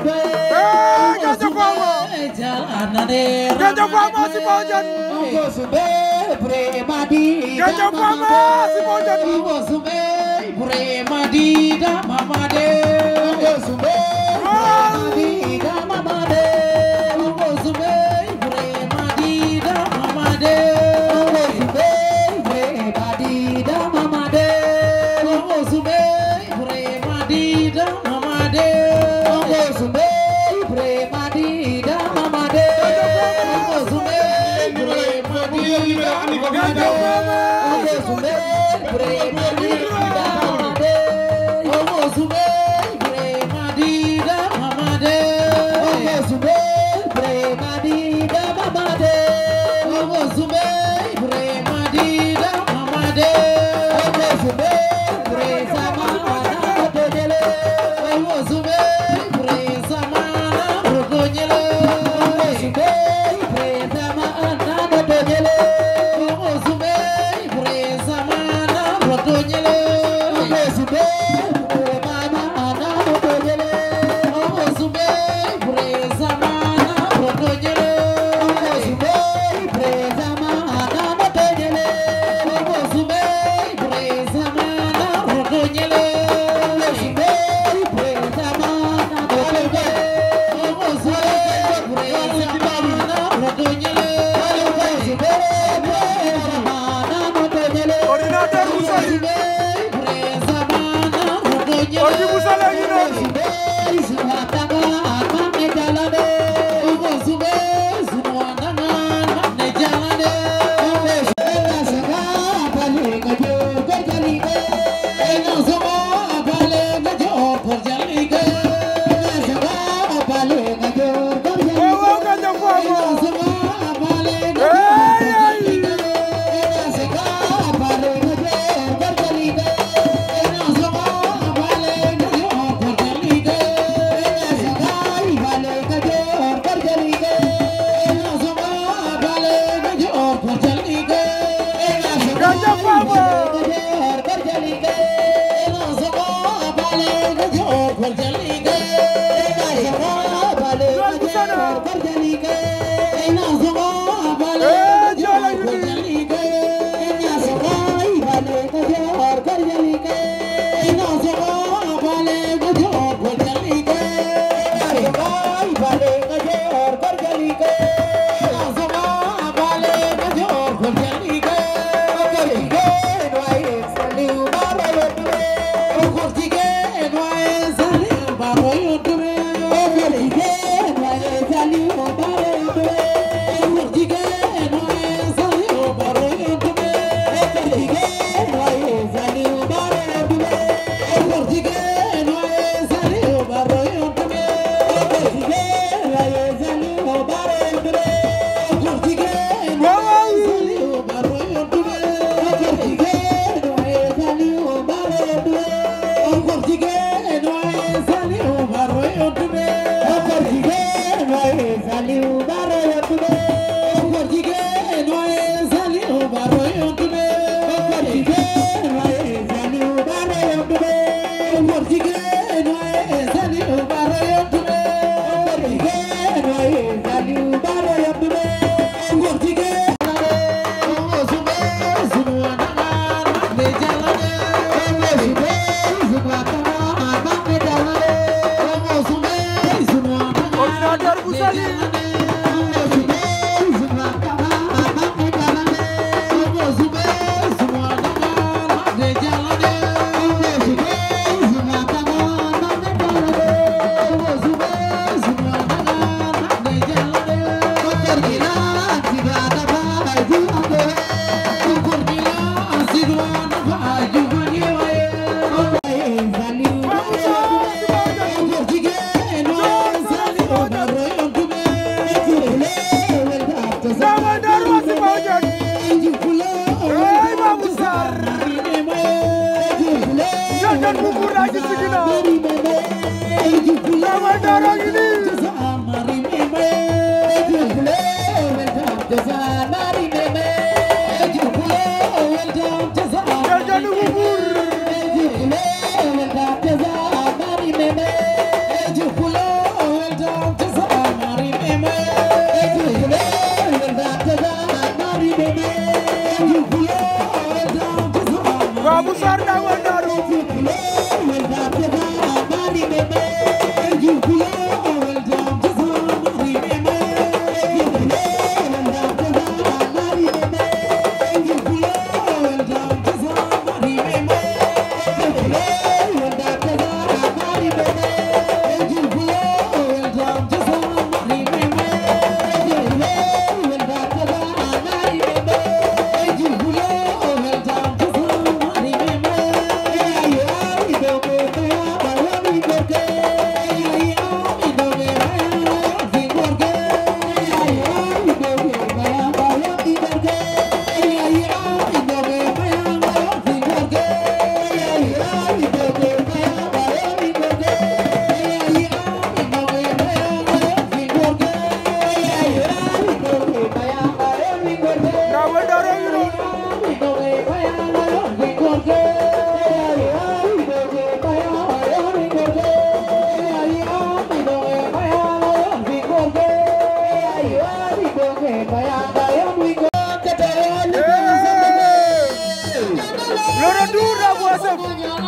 Gajah Kuama si Bojan. Sumbe premadi. Gajah Kuama si Bojan. Sumbe premadi da mama de. Sumbe premadi da mama àbí ìdá bàbá dé owó súnmẹ́. Vamos ali! Gracias.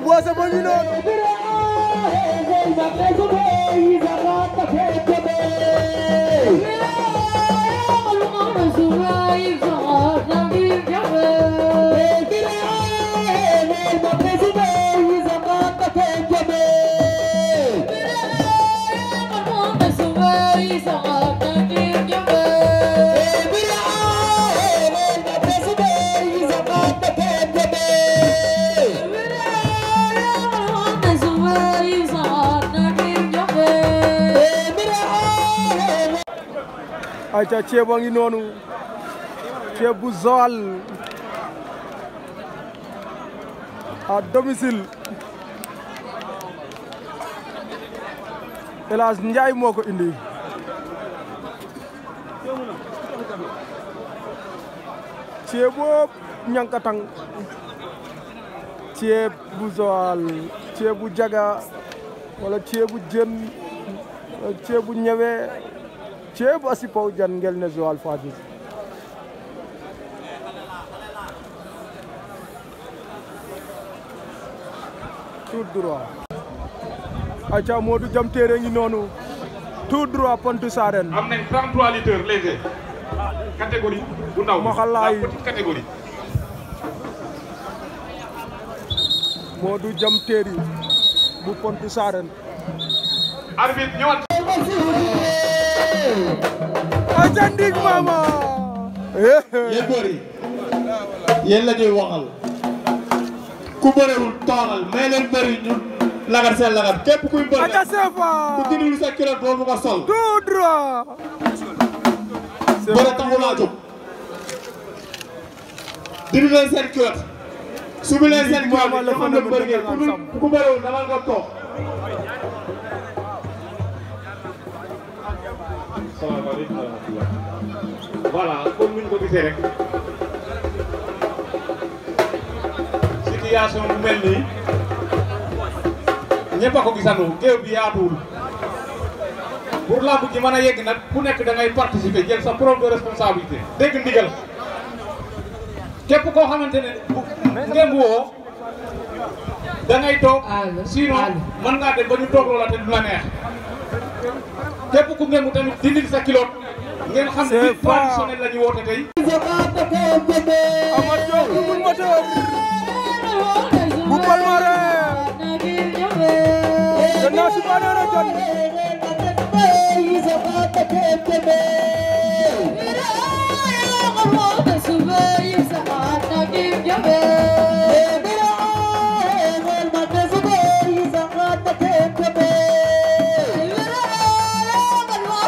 Boise moo ngi noonu ayca ceeb a ngi noonu ceeb bu Joal à domicile El Hadj moo ko indi ceeb boobu ñankatang ceeb bu Joal ceeb bu jaga wala ceeb bu jën wala bu ñewe ceeb asi paw jan ngel ne Joal Fadiouth tout droit aca Modou Jam Téere ngi noonu tout droit Pointe Sarène am nañ 33 litres léger catégorie bu ndaw ma xalaay petite catégorie Modou Jam Téere bu Pointe Sarène arbitre ñëwal aca ndig mama yéen góor yi yéen la ñuy waxal ku bërewul tooral may leen bëri ñu lagat seen lagat képp kuy bëri aca sefa ku dinul sa culotte boobu nga sol tout droit bëre taxu laa jóg dinu leen seen culotte subi leen seen culotte bi ñu xam ne bëri ngeen ku bërewul damal nga toog salaamaaleykum wa rahmatulah voilà comme ni ñu ko situation bu mel nii ñëpp a ko gisandoo géew bi yaatuwul pour làmb ji mën a yegg nag ku nekk da ngay participer jël sa propre responsabilité dégg ndigal képp koo xamante ne ngeen woo da ngay toog képp ku ngemu tamit dindil sa kiloot ngeen xam ni traditionnel la ñu woote tey. Amar Diop bu moteur bu Palmarin gannaaw si Maneera jot Yeah.